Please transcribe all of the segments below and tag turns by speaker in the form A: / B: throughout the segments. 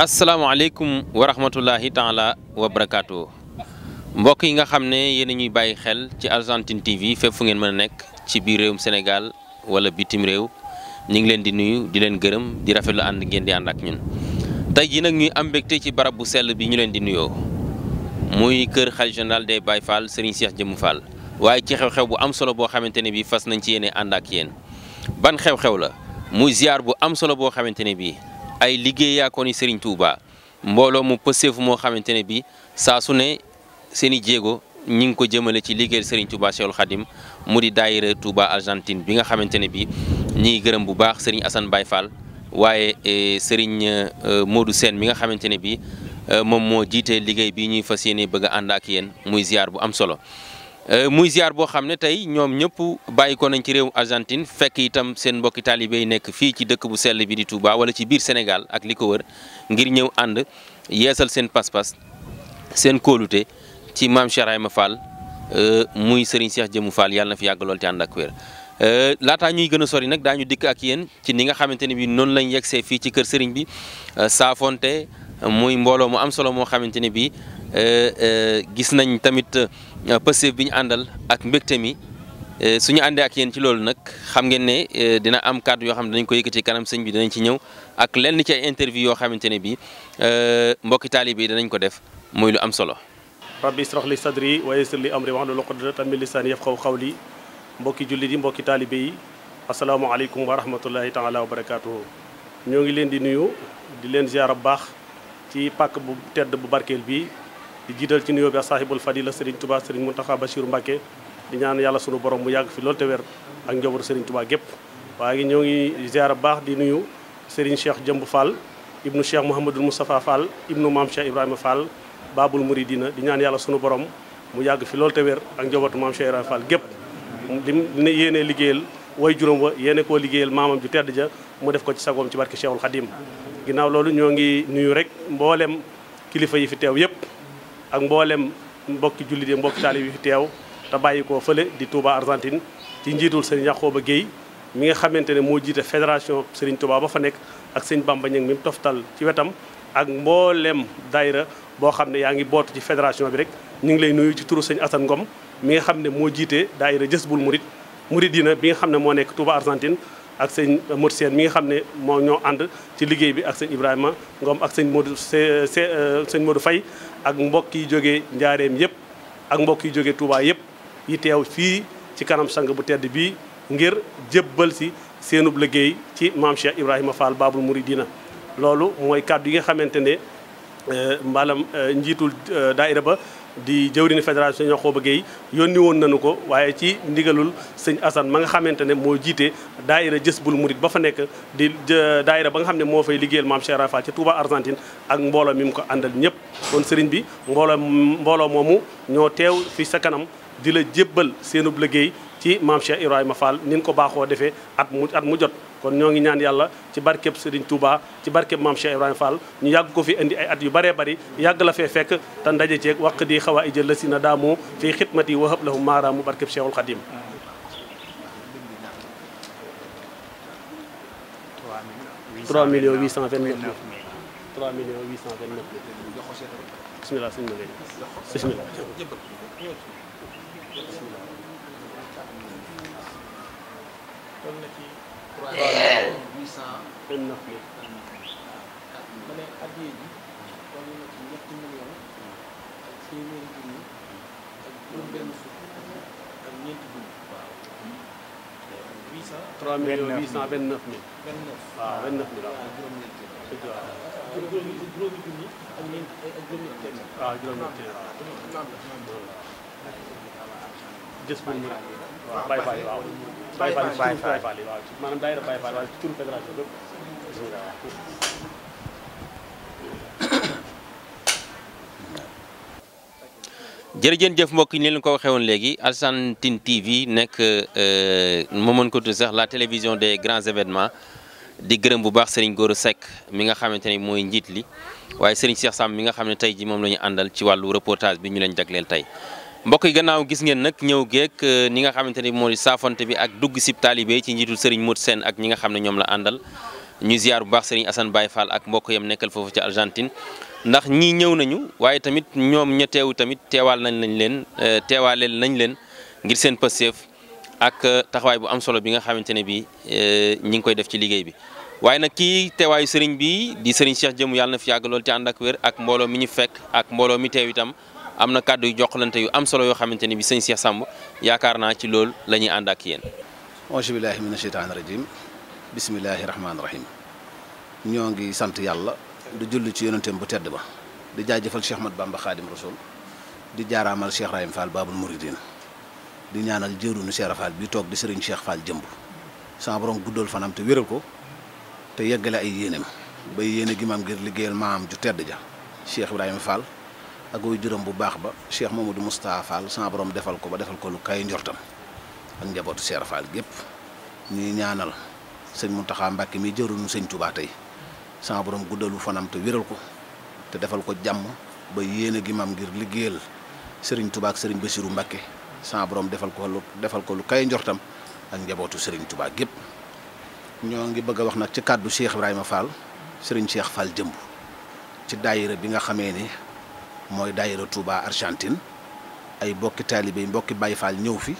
A: asalaamaaleykum wa rahmatullahi taala wa barakaatu mbokk yi nga xam ne yéen a ñuy bàyyi xel ci Argentine TV fépp fu ngeen mën a nekk ci biir réewum senegal wala bitim réew ñu ngi leen di nuyu di leen gërëm di rafet lu ànd ngeen di ànd ak ñun. tey jii nag ñuy am mbégte ci barab bu sell bi ñu leen di nuyoo muy kër xalifa général des Baye Fall Serigne Cheikh Jëmm Fall waaye ci xew-xew bu am solo boo xamante ne bii fas nañ ci yéene ànd ak yéen ban xew-xew la muy ziar bu am solo boo xamante ne bii. ay liggéey yaa ko ni Serigne Touba mbooloo mu pëseefu moo xamante ne bi saa ne seen i jéego ñi ngi ko jëmale ci liggéeyal Serigne Touba Cheikhul Khadim mu di daayira Touba Argentine bi nga xamante ne bi ñi gërëm bu baax Serigne Assane Baye Fall waaye eh, Serigne eh, moodu seen mi nga xamante ne bi eh, moom moo jiite liggéey bi ñuy fas yéene bëgg a ànd ak yéen muy ziar bu am solo Euh, muy ziar boo xam ne tey ñoom ñëpp bàyyi ko nañ ci réew Argentine fekk itam seen mbokki taalibe nekk fii ci dëkk bu sell bi di Touba wala ci biir Sénégal ak li ko wër ngir ñëw ànd yeesal seen pas-pas seen kóolute ci maam Cheikh Ibrahima Fall euh, muy Serigne Cheikh Jëmu Fall yàlla na fi yàgg lool ci ànd ak wér. Euh, laataa ñuy gën a sori nag daañu dikk ak yéen ci ni nga xamante ne bi noonu lañ yegsee fii ci kër sëriñ bi saafonte muy mbooloo mu am solo moo xamante ne bi gis nañ tamit. Euh, pëstéef bi ñu àndal ak mbégte mi euh, suñu àndee ak yéen ci loolu nag xam ngeen ne euh, dina am kàddu yoo xam ne dañ ko yëkkati kanam sëñ bi danañ ci ñëw ak lenn ci ay interview yoo xamante ne bi mbokki taalibe yi danañ ko def mooy lu am solo
B: rabbi israh li sadri wa yassir li amri wahlul uqdatan min xaw xaw qawli mbokki jullit yi mbokki taalibe yi asalaamaaleykum wa rahmatullahi taala wa barakatuhu ñoo ngi leen di nuyu di leen ziar bu baax ci pàkk bu tedd bu barkeel bi di jiital ci nuyoo bi asaahibul fadila Serigne Touba Serigne Mountakha Bachirou Mbacké di ñaan yàlla sunu borom mu yàgg fi loolu te wér ak njabootu Serigne Touba gépp waaye ñoo ngi ziar baax di nuyu Serigne Cheikh Jëmb Fall ibnu Cheikh Mouhamadul Moustapha Fall ibnu maam Cheikh Ibrahima Fall baabul muri dina di ñaan yàlla sunu borom mu yàgg fi loolu te wér ak njabootu maam Cheikh Ibrahima Fall gépp lim ne yéenee liggéeyal juróom wa yéene koo liggéeyal maamam ju tedd ja mu def ko ci sagoom ci barke Cheikhul Khadim ginnaaw loolu ñoo ngi nuyu rek mboolem kilifa yi fi teew yëpp ak mboolem mbokki jullit yi mbokki taalib fi teew te bàyyi koo fële di Touba Argentine ci njiitul sëriñ Yaxooba Guèye mi nga xamante ne moo jiite fédération sëriñ Touba ba fa nekk ak sëñ Bamba Ñang mi ci wetam ak mboolem daayira boo xam ne yaa ngi bootu ci fédération bi rek ñu ngi lay nuyu ci turu sëñ Assane Ngom mi nga xam ne moo jiite daayira Jësbul Murit Muridina bi nga xam ne moo nekk Touba Argentine ak sëñ Modou Sène mi nga xam ne moo ñoo ànd ci liggéey bi ak sëñ Ibrahima Ngom ak sëñ Modou sëñ Modou Faye ak mbokk yi jógee njaareem yëpp ak mbokk yi jógee Touba yëpp yi teew fii ci kanam sang bu tedd bi ngir jébbal si seenub liggéey ci maam Cheikh Ibrahima Fall Babul dina loolu mooy kàddu yi nga xamante ne eh, mbalam eh, njiitul eh, daayira ba di jëwriñu fédération ñoo xoo bëggee yónni woon nañu ko waaye ci ndigalul sëñ Assane ma nga xamante ne moo jiite jës bul Murit ba fa nekk di daaira ba nga xam ne moo fay liggéeyal maam Cheikh Rafa ci Touba Argentine ak mbooloo mi mu ko àndal ñëpp kon sëriñ bi mbooloo mbooloo moomu ñoo teew fii sa kanam di la jébbal seenub liggéey ci maam Cheikh Ibrahima Fall nin ko baaxoo defee at mu at mu jot kon ñoo ngi ñaan yàlla ci barkeb Serigne Touba ci barkeb maam Cheikh Ibrahima Fall ñu yàgg ko fi indi ay at yu bëree bëri yàgg la fee fekk te ndaje ceeg waq di xawaa ay la si na daamu fii xidmati wa hab lahum maaraamu barkeb Cheikhul Khadim trois millions huit cent vingt-neuf mille trois millions cent vingt-neuf mille bismillah sëñ
A: toll na ci. 3
B: 800 9 000.
A: ma ne addiya ji toll na ci ñetti millions ak téeméeri junni ak juróom-benn fukk ak ñeenti junni. waaw. 800. 3 829 000. 29 waaw 29 000
B: waaw. juróomi juróomi junni ak ñeenti eh, ak juróomi téeméer. waaw ah, juróomi téeméer waaw. gis nga. Baye
A: jëf mbokk yi ni leen ko waxee woon léegi Alassane Tine TV nekk euh, mu mën ko tudd sax la télévision des grands événements di gërëm bu baax Serigne Gora Seck mi nga xamante ne mooy njiit li waaye Serigne Cheikh Sam mi nga xam ne tey ji moom la ñu àndal ci wàllu reportage bi ñu leen jagleel tey mbokk yi gannaaw gis ngeen nag ñëw geek ni euh, nga xamante ni moo di saafonte bi ak dugg sib taalibe ci njiitul Serigne moot Sène ak ñi nga xam ne ñoom la àndal ñu ziar bu baax Serigne Assane Baye Fall ak mbokk yam nekkal foofu ci Argentine ndax ñii ñëw nañu waaye tamit ñoom ña teewu tamit teewaal nañ lañ leen euh, teewaaleel nañ leen ngir seen pësteef ak euh, taxawaay bu am solo bi nga xamante ne bi ñi ngi koy def ci liggéey bi waaye nag kii teewaayu Serigne bi di Serigne Cheikh Jëmu yàlla na fi yàgg lool ci ànd wér ak mbooloo mi ñu fekk ak mbooloo mi teew itam am na kàddu yu joxlante yu am solo yoo xamante ni bi sëñ Cheikh Samb yaakaar naa ci lool lañuy ànd ak yéen.
C: auzu billaahi mina sheytaani rajiim bismillaahi rahmaani rahiim ñoo ngi sant yàlla du julli ci yonenteem bu tedd ba di jaajëfal Cheikh Ahmad Bamba Xaadim Rasuul di jaaraamal Cheikh Rahim Fall Babul Mouridine di ñaanal jëruñu Cheikh Fall bi toog di sëriñ Cheikh Fall jëmb sama borom guddal fanam te wéral ko te yeggale ay yéeneem ba yéene gi maam ngir liggéeyal maam ju tedd ja Cheikh Ibrahima Fall. ak way juróom bu baax ba Cheikh du Moustapha Fall sama boroom defal ko ba defal ko lu kay njortam ak njabootu seer Fall gépp ñuy ñaanal sëñ Mountakha Mbacké mi jëruñu sëñ Touba tey sama boroom guddalu fanam te wéral ko te defal ko jàmm ba yéene gi mam ngir liggéeyal sëriñ Touba ak sëriñ Bassirou Mbacké boroom defal ko lu defal ko lu kay njortam ak njabootu sëriñ Touba gépp ñoo ngi bëgg a wax nag ci kàddu Cheikh Ibrahima Fall sëriñ Cheikh Fall jëmb bi nga xamee ni mooy daayira Touba Argentine ay mbokki taalibe mbokki Baye Fall ñëw fi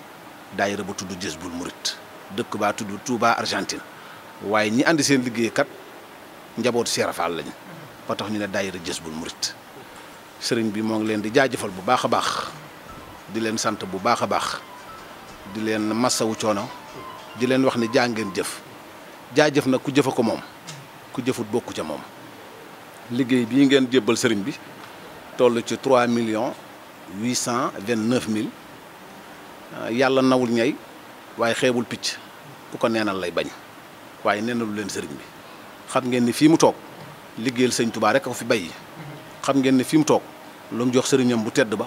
C: daayira bu tudd Jazbul Murit dëkk baa tudd Touba Argentine waaye ñi àndi seen liggéey kat njabootu Cheikh Fall lañu ba tax ñu ne daayira bul Murit sëriñ bi moo ngi leen di jaa jëfal bu baax a baax di leen sant bu baax a baax di leen massawu coono di leen wax ni jaa ngeen jëf jaajëf na ku jëfa ko moom ku jëfut bokku ca moom liggéey bii ngeen jébbal sëriñ bi toll ci trois millions huit cent vingt neuf mille euh, yàlla nawul ñay waaye xeebul picc ku ko neenal lay bañ waaye neenalu leen sëriñ bi xam ngeen ni fii mu toog liggéeyal sëñ Tuubaa rek ko fi bay xam ngeen ni fi mu toog lu mu jox sëriñam bu tedd ba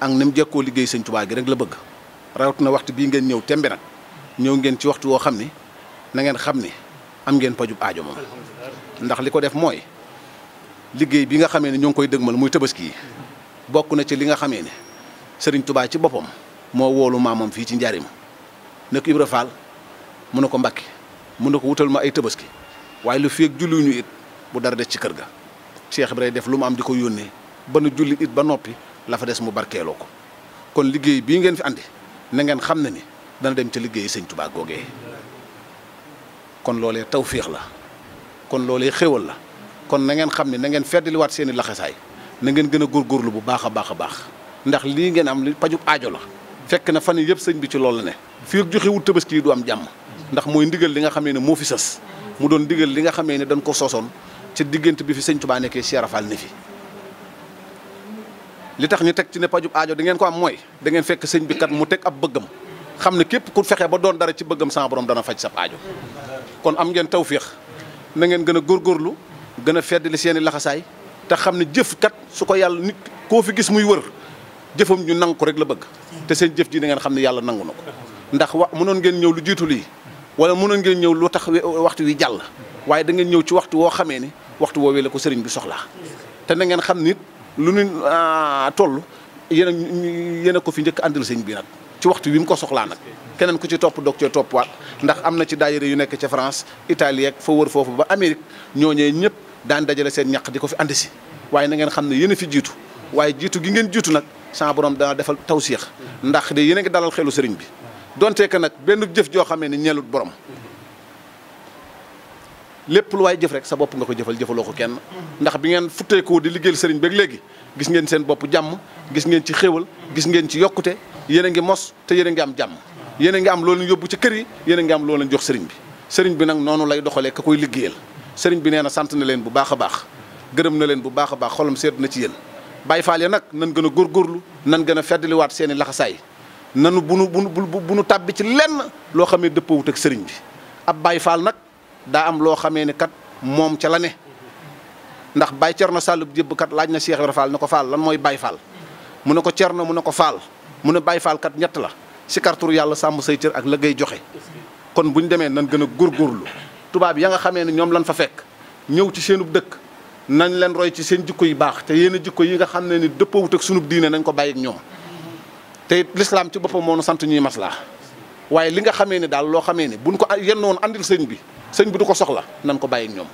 C: ak ni mu jekkoo liggéey sañ Tuubaa gi rek la bëgg na waxtu bii ngeen ñëw tembe nag ñëw ngeen ci waxtu woo xam ni na ngeen xam ni am ngeen pajub aajo moom ndax li ko def mooy liggéey bi nga xamee ne ñoo ngi koy dëgmal muy tabaski yi bokk na ci li nga xamee ne sëriñ tubaa ci boppam moo woolu maamam fii ci njaarim ne ko Ibra Faal mu ne ko Mbàkke mu ne ko wutal ma ay tabaski waaye lu feeg julliwuñu it bu dara des ci kër ga Cheikh Ibra def lu mu am di ko yónnee ba nu julli it ba noppi la fa des mu barkeeloo ko kon liggéey bii ngeen fi andi na ngeen xam ne ni dana dem ci liggéey sëñ tubaa googee kon loolee tawféex la kon loolee xéwal la kon na ngeen xam ne na ngeen feddaliwaat seen i laxasaay na ngeen gën a góorgóorlu bu baax a baax a baax ndax lii ngeen am li pajub aajo la fekk na fan yëpp sëñ bi ci loolu la ne fii ak joxewul tabaski du am jàmm ndax mooy ndigal li nga xamee ne moo fi sës mu doon ndigal li nga xamee ne dañ ko sosoon ci diggante bi fi sëñ Tuubaa nekkee seerafal ne fi li tax ñu teg ci ne pajub aajo da ngeen ko am mooy dangeen fekk sëñ bi kat mu teg ab bëggam xam ne képp ku fexe ba doon dara ci bëggam sama borom dana faj sa aajo kon am ngeen tawféex na ngeen gën a góorlu gën a feddali seen i laxasaay te xam ne jëf kat su ko yàlla nit koo fi gis muy wër jëfam ñu nangu ko rek la bëgg te seen jëf ji da ngeen xam ne yàlla nangu na ko ndax wa mënoon ngeen ñëw lu jiitu lii wala mënoon ngeen ñëw lu tax waxtu wi jàll waaye da ñëw ci waxtu woo xamee ni waxtu woowee la ko sëriñ bi soxla te na ngeen xam nit lu nu ah, toll yéen a yéen a ko fi njëkk àndal sëñ bi nag ci waxtu wi mu ko soxlaa nag keneen ku ci topp doog cee toppwaat ndax am na ci daayira yu nekk ca France Italie ak fa wër foofu ba Amérique ñooñee ñëpp daan dajale seen ñaq di ko fi andi si waaye nangeen xam ne yéen fi jiitu waaye jiitu gi ngeen jiitu nag sa boroom dana defal taw tawsiix ndax de yéen ngi dalal xelu sëriñ bi donte que nag benn jëf joo xamee ne ñeelut borom lépp waay jëf rek sa bopp nga ko jëfal jëfaloo ko kenn ndax bi ngeen futteekoo di liggéeyal sëriñ beeg léegi gis ngeen seen bopp jàmm gis ngeen ci xéwal gis ngeen ci yokkute yéen a ngi mos te yéen ngi am jàmm yéen ngi am loolu yóbbu ci kër yi yéen a ngi am loolu jox sëriñ bi sëriñ bi nag noonu lay doxalee ka koy liggéeyal sëriñ bi nee na sant na leen bu baax a baax gërëm na leen bu baax a baax xolam seet na ci yéen Baay Faal ya nag nan gën a góorgóorlu nan gën a feddliwaat seen i laxasaay nanu bu nu bu nu tàbbi ci lenn loo xamee dëppawut ak sëriñ bi ab Baay Faal nag daa am loo xamee ne kat moom ca la ne ndax Baay Cerno Sàllub jëbb kat laaj na Cheikh Ibra Fall ne ko Fall lan mooy Baay Faal mu ne ko na mu ne ko Fall mu ne Baay Faal ñett la si kartur yàlla sàmm say cër ak la ngay joxe kon bu ñu demee nan gën a góorgóorlu tubaab ya nga xamee ne ñoom lan fa fekk ñëw ci seenub dëkk nañ leen roy ci seen jikko yu baax te yenn jikko yi nga xam ne ni dëppoowut ak sunub diine nañ ko bàyyi ñoom te it lislaam ci boppam moo nu sant ñuy maslaa waaye li nga xamee ne daal loo xamee ne buñ ko yenn woon andil sëñ bi sëñ bi du ko soxla nañ ko bàyyi ñoom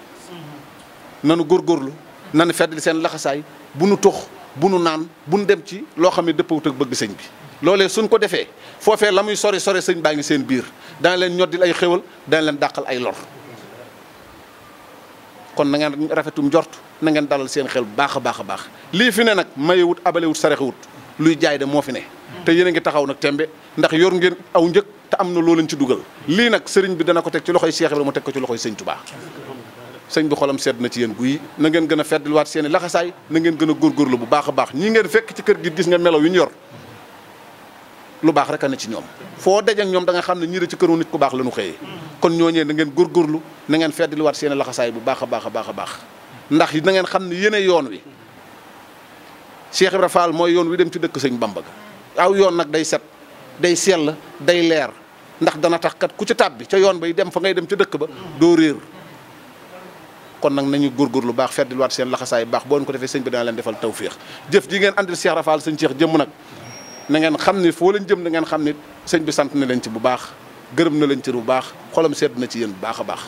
C: nanu góor góorlu nanu feddli seen laxasaay bu nu tux bu nu naan bu nu dem ci loo xam ne dëppawut ak bëgg sëñ bi loolee suñ ko defee foofee la muy sori sori sëñ baa ngi seen biir dana leen ñoddil ay xéwal dana leen dàqal ay lor kon na ngeen rafetum jort na ngeen dalal seen xel bu baax a baax a baax lii fi ne nag mayewut abalewut sarexewut luy jaay de moo fi ne te yéen a taxaw nag tembe ndax yor ngeen aw njëg te am na loo leen ci dugal lii nag sëriñ bi dana ko teg ci loxoy Cheikh Ibrahima mu teg ko ci loxoy sëñ Touba sëñ bi xolam sedd na ci yéen guy na ngeen gën a feddluwaat seen i laxasaay na ngeen gën a bu baax a baax ñi ngeen fekk ci kër gi gis ngeen melaw yu ñu yor lu baax rek a ne ci ñoom foo daje ak ñoom da nga xam ne ñii ci këru nit ku baax la ñu xëyee kon ñooñee na ngeen góorgóorlu na ngeen feddliwaat seen laxasaay bu baax a baax a baax ndax na ngeen xam ne yéen yoon wi Cheikh Ibra mooy yoon wi dem ci dëkk sëñ Bamba aw yoon nag day set day sell day leer ndax dana tax kat ku ci tàbbi ca yoon bay dem fa ngay dem ca dëkk ba doo réer kon nag nañu góorgóorlu baax feddliwaat seen laxasaay bu baax boo ko defee sëñ bi dana leen defal tawféex jëf ji ngeen andil Cheikh Ibra Fall sëñ Cheikh jëmm nag nangeen ngeen xam ni foo leen jëm na ngeen xam ni sëñ bi sant na leen ci bu baax gërëm na leen ci bu baax xolam sedd na ci yéen bu baax a baax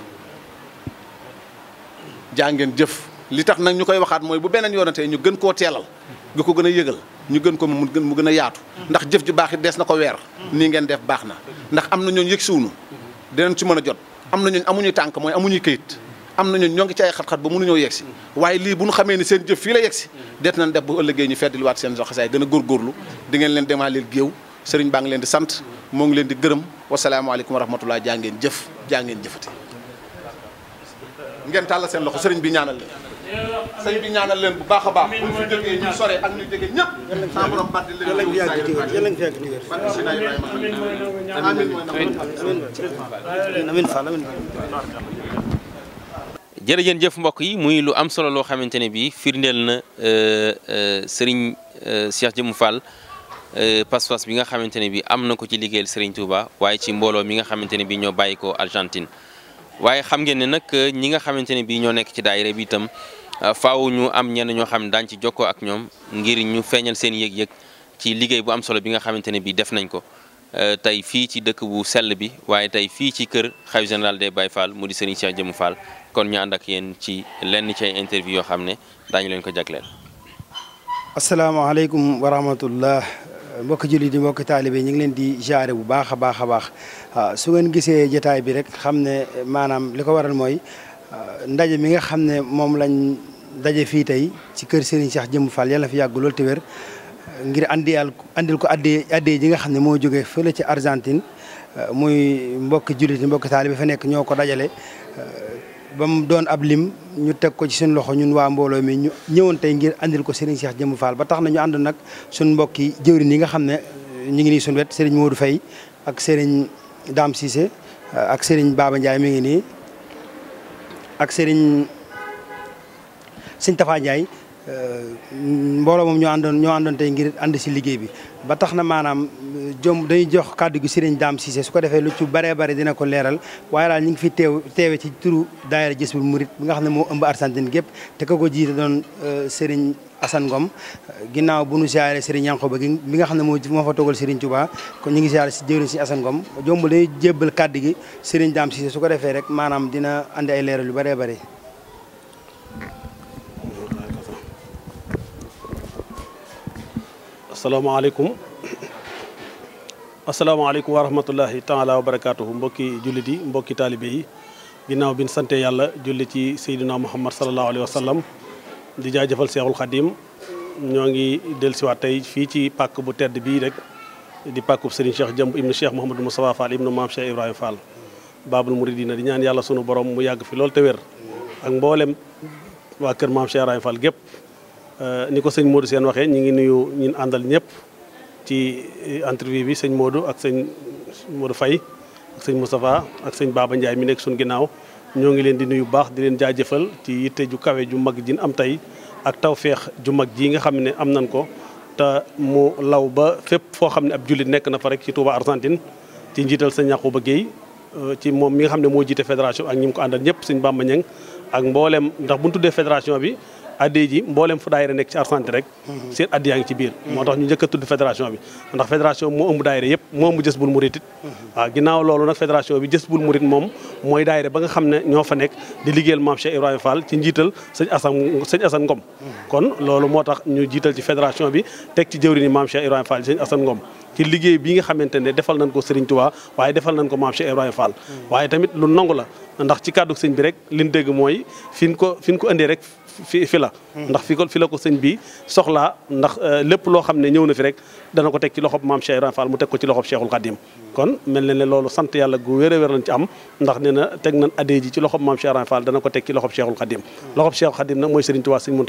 C: jaa jëf li tax nag ñu koy waxaat mooy bu beneen yoonatee ñu gën koo teelal gi ko gën a yëgal ñu gën ko mu gën mu gën a yaatu ndax jëf ji baax yi dees na ko weer nii ngeen def baax na ndax am na ñooñ yëg siwunu deneen ci mën a jot am na ñooñu amuñuy tànk mooy amu amuñuy këyit am nañu ñoo ngi ci ay xat-xat ba nu yegg si waaye lii bu ñu xamee ni seen jëf fii la yegg si deet nañ def bu ëllëgee ñu feddliwaat seen joxasaay gën a góorgóorlu di ngeen leen demaaleel géew sëriñ baa ngi leen di sant moo ngi leen di gërëm wasalaamaaleykum wa rahmatullah jaa ngeen jëf jaa tàll seen loxo sëriñ bi ñaanal leen sëriñ bi ñaanal leen bu baax a baax buñ fi jógee
D: ñu
A: jërëjën jëf mbokk yi muy lu am solo loo xamante ne bii firndeel na euh, euh, Serigne euh, Cheikh Jëmu Fall pas-pas bi nga xamante ne bii am na ko ci liggéeyal Serigne Touba waaye ci mbooloo mi nga xamante ne bii ñoo bàyyi ko Argentine. waaye xam ngeen ne nag ñi nga xamante ne bii ñoo nekk ci daayira bi itam faw ñu am ñenn ñoo xam ne daañu ci jokkoo ak ñoom ngir ñu feeñal seen yëg-yëg ci liggéey bu am solo bi nga xamante ne bii def nañ ko. Euh, tey fii ci dëkk bu sell bi waaye tey fii ci kër xalifa général des Baye Fall mu di Serigne Cheikh Jëmu Fall kon ñu ànd ak yéen ci lenn ci ay interview yoo xam ne daañu leen ko jagleel.
D: asalaamaaleykum wa rahmatullah mbokki jullit yi mbokki taalibe ñu ngi leen di jaare bu baax a baax a baax ah, su ngeen gisee jotaay bi rek xam ne maanaam li ko waral mooy ah, ndaje mi nga xam ne moom lañ daje fii tey ci kër Serigne Cheikh Jëmu faal yàlla la fi yàgg lool te wér ngir andiyal andil ko addee addee ji nga xam ne moo jógee fële ci Argentine euh, muy mbokki jullit yi mbokki taalibe bi fa nekk ñoo ko dajale euh, ba mu doon ab lim ñu teg ko ci seen loxo ñun waa mbooloo mi ñu ñëwoon tey ngir andil ko Serigne Cheikh Jëmm Fall ba tax na ñu ànd nag suñ mbokki jëwrin yi nga xam ne euh, ñu ngi nii suñu wet Serigne Modou Faye ak Serigne Dame Cissé ak Serigne Baba Ndiaye mi ngi nii ak Serigne Serigne Tafa Ndiaye Euh, mbooloo moom ñoo àndoon ñoo àndoon tey ngir ànd si liggéey bi ba tax na maanaam euh, jom dañuy jox kàddu gi Serigne Dame Cissé su ko defee lu ci baree bare dina ko leeral waaye ñu ngi fi teew teewe ci turu daayira Jësbul Murit bi nga xam ne moo ëmb Argentine gépp te ka ko jiite doon euh, Serigne Assane Ngom ginnaaw bu nu siyaare Serigne Yankoba gi nga xam ne moo moo fa toogal Serigne Touba kon ñu ngi siyaare si jëwriñ si Assane Ngom jébbal kàddu gi Serigne Dame Cissé su ko defee rek maanaam dina andi ay leeral yu baree bare
B: asalaamaaleykum asalaamaaleykum wa rahmatullahi taala wa barakaatuhu mbokki jullit yi mbokki taalibe yi ginnaaw bi ñu sante yàlla julli ci seydina muhammad salallahu alayhi wa sallam di jaajëfal seexul xadim ñoo ngi dellusiwaat tey fii ci pàkk bu tedd bii rek di pàkkub Serigne Cheikh Jëmb ibnu Cheikh Mouhamadou Moustapha Fall ibnu maam Cheikh Ibrahima Fall baabul muridina di ñaan yàlla sunu borom mu yàgg fi loolu te wér ak mboolem waa kër maam Cheikh Ibrahima gépp Euh, ni ko sëñ Modou seen waxee ñu ngi nuyu ñun àndal ñëpp ci euh, entrevue bi sëñ Modou ak sëñ Modou Faye ak sëñ Moustapha ak sëñ Baba njaay mi nekk sun ginnaaw ñoo ngi leen di nuyu baax di leen jëfal ci yitte ju kawe ju mag jin am tey ak tawféex ju mag ji nga xam ne am nañ ko te mu law ba fépp foo xam ne ab jullit nekk na fa rek ci Touba Argentine ci njiital sëñ ba géey euh, ci moom mi nga xam ne moo jiite fédération ak ñi ko àndal ñëpp sëñ Bamba Niang ak mboolem ndax bu ñu tuddee bi addiya ji mboolem fu daayira nekk ci Arxuraan rek seen addiya ci biir moo tax ñu njëkk a tudd fédération bi ndax fédération bi moo ëmb daayira yëpp moo ëmb jës bul murit it waaw ginnaaw loolu nag fédération bi jës bul murit moom mooy daayira ba nga xam ne ñoo fa nekk di liggéeyal maam Cheikh Ibrahima Fall ci njiital sëñ Asan sëñ Asan Ngom kon loolu moo tax ñu jiital ci fédération bi teg ci jëwriñi maam Cheikh Ibrahima Fall sëñ Asan Ngom ci liggéey bi nga xamante ne defal nañ ko Serigne Touba waaye defal nañ ko maam Cheikh Ibrahima Fall mm. waaye tamit la ndax ci kàddu bi rek liñ dégg mooy fi ko fi ko indee rek fi fi la ndax fi ko fi ko sëñ bi soxlaa ndax euh, lépp loo xam ne ñëw na fi rek dana ko teg ci loxob maam Cheikh Ibrahima Fall mu teg ko ci loxob Cheikhul Khadim kon mel na ndax nee na teg nañ adee ji ci loxob dana ko teg ci loxob Cheikhul Khadim loxob Cheikhul Khadim nag mooy Serigne Touba Serigne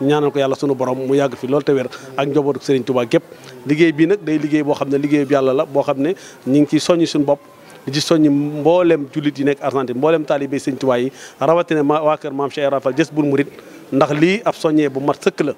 B: ñaanal ko yàlla sunu borom mu yàgg fi loolu te wér ak njobootu Serigne Touba gépp liggéey bii nag day liggéey boo xam ne liggéey bi yàlla la boo xam ne ñi ngi ciy soññ suñu bopp di ci soññ mboolem jullit yi nekk Argentine mboolem taalibé Sëñ Tuubaa yi rawatina waa kër maam Cheikh Ibra Fall Jazboul murit ndax lii ab soññee bu mat sëkk la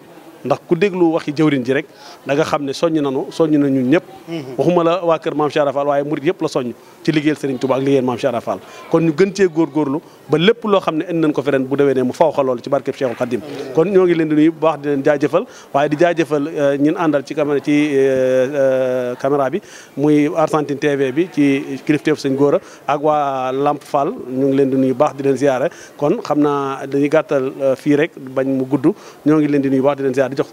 B: ndax ku déglu waxi jëwrin ji rek da xam ne soññ nanu soññ nañu ñëpp mhm. waxuma la waa kër maam Cheikh Fall waaye murit yëpp la soññ ci liggéeyal Serigne Touba ak liggéeyal maam Cheikh Fall kon ñu gën cee góorgóorlu ba lépp loo xam ne indi nañ ko fi bu bu ne mu faw xalool ci barkeb Cheikhul Khadim kon ñoo ngi leen di nuyu bu baax di leen jaajëfal waaye euh, àndal ci caméra ci euh, euh, caméra bi muy Argentine bi ci kilifteef Sëñ Góora ak waa Lamp Fall ñu ngi leen di nuyu baax di leen ziyaare kon xam naa dañuy gàttal fii rek bañ mu gudd ñoo ngi leen di nuyu baax di leen ziyaare jox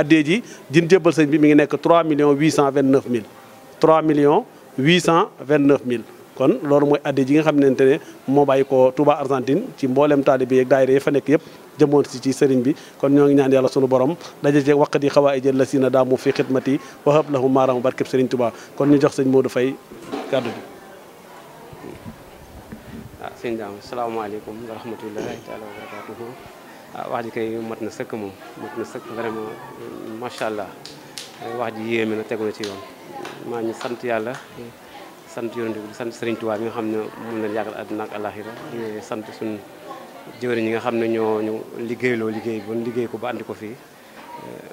B: addee ji din jébbal sëñ bi mu ngi nekk 3 millions 829 mille 3 millions 829 mille kon loolu mooy addee ji nga xamante ne moo bàyyi ko Touba Argentine ci mboolem taalibe yi ak fa nekk yëpp jëmoon si ci sëriñ bi kon ñoo ngi ñaan yàlla sunu borom daje ci waqt yi xawaa ijël la si na daamu fi xidmati wa hab lahum maaraam barkeb sëriñ Touba kon ñu jox sëñ Modou Faye kàddu bi
E: waaw ah, sëñ daam asalaamaaleykum ah wax ji kay mat na sëkk moom mat na sëkk vraiment macha allah eh, wax ji yéeme na tegu na ci yoon maañu sant yàlla sant yonent bi sant Serigne Touba bi nga xam ne moom lañ yàggal àdduna ak sant suñu jëwriñ ñi nga xam ne ñoo ñu liggéeyloo liggéey bon liggéey ko ba andi ko fii eh,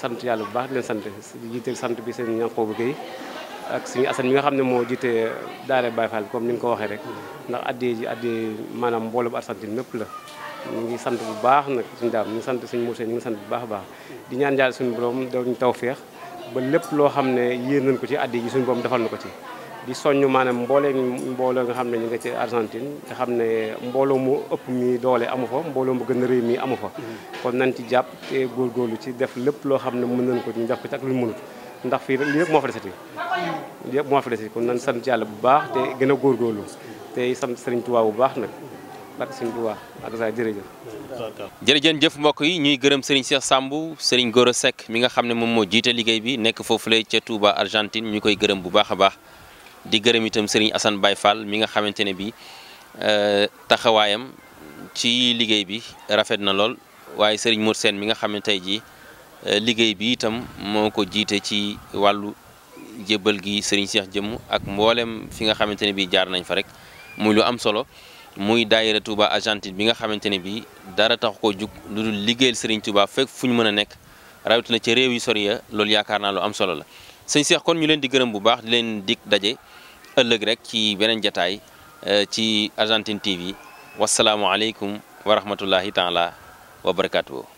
E: sant yàlla bu baax di leen sant jiite sant bi seen Yankoobu Géey ak suñu asan mi nga xam ne moo jiite daara Baye Fall bi comme ni nga ko waxee rek ndax addee ji addee maanaam mbooloo bu Argentine mépp la ñu ngi sant bu baax nag suñu daam ñu ngi sant suñu mose ñu ngi sant bu baax baax di ñaan yàlla suñu borom daw ñu taw feex ba lépp loo xam ne yéen nañ ko ci addi ji suñu boom defal na ko ci di soññ maanaam mboolee mbooloo nga xam ne ñu nga ci Argentine nga xam ne mbooloo mu ëpp mi doole amu fa mbooloo mu gën a réy mii amu fa kon nañ ci jàpp te góorgóorlu ci def lépp loo xam ne mën nañ ko ñu def ko ci ak lu ñu mënut ndax fii lii yëpp moo fa desati
C: lii
E: yëpp moo fa desati kon nañ sant yàlla bu baax te gën a góorgóorlu te sant Sëriñ Tuubaa bu baax nag barke sëñ Tuubaa ak sa
A: jërëjën jëf mbokk yi ñuy gërëm Serigne Cheikh Samb Serigne Gora Seck mi nga xam ne moom moo jiite liggéey bi nekk foofule ca Touba Argentine ñu koy gërëm bu baax a baax di gërëm itam Serigne Assane Baye Fall mi nga xamante ne bi euh, taxawaayam ci liggéey bi rafet na lool waaye Serigne Mour seen mi nga xam ne tey jii euh, liggéey bi itam moo ko jiite ci wàllu jébbal gi Serigne Cheikh jëmm ak mboolem fi nga xamante ne bi jaar nañ fa rek muy lu am solo muy daayira Touba Argentine bi nga xamante ne bii dara tax koo jug lu dul liggéeyal Serigne Touba fekk fu ñu mën a nekk rawatina ci réew yi sori ya loolu yaakaar naa lu am solo la. sëñ Cheikh kon ñu leen di gërëm bu baax di leen dikk daje ëllëg rek ci beneen jataay e, ci Argentine TV wasalaamualeykum wa rahmatullahi taala wa barakaatu.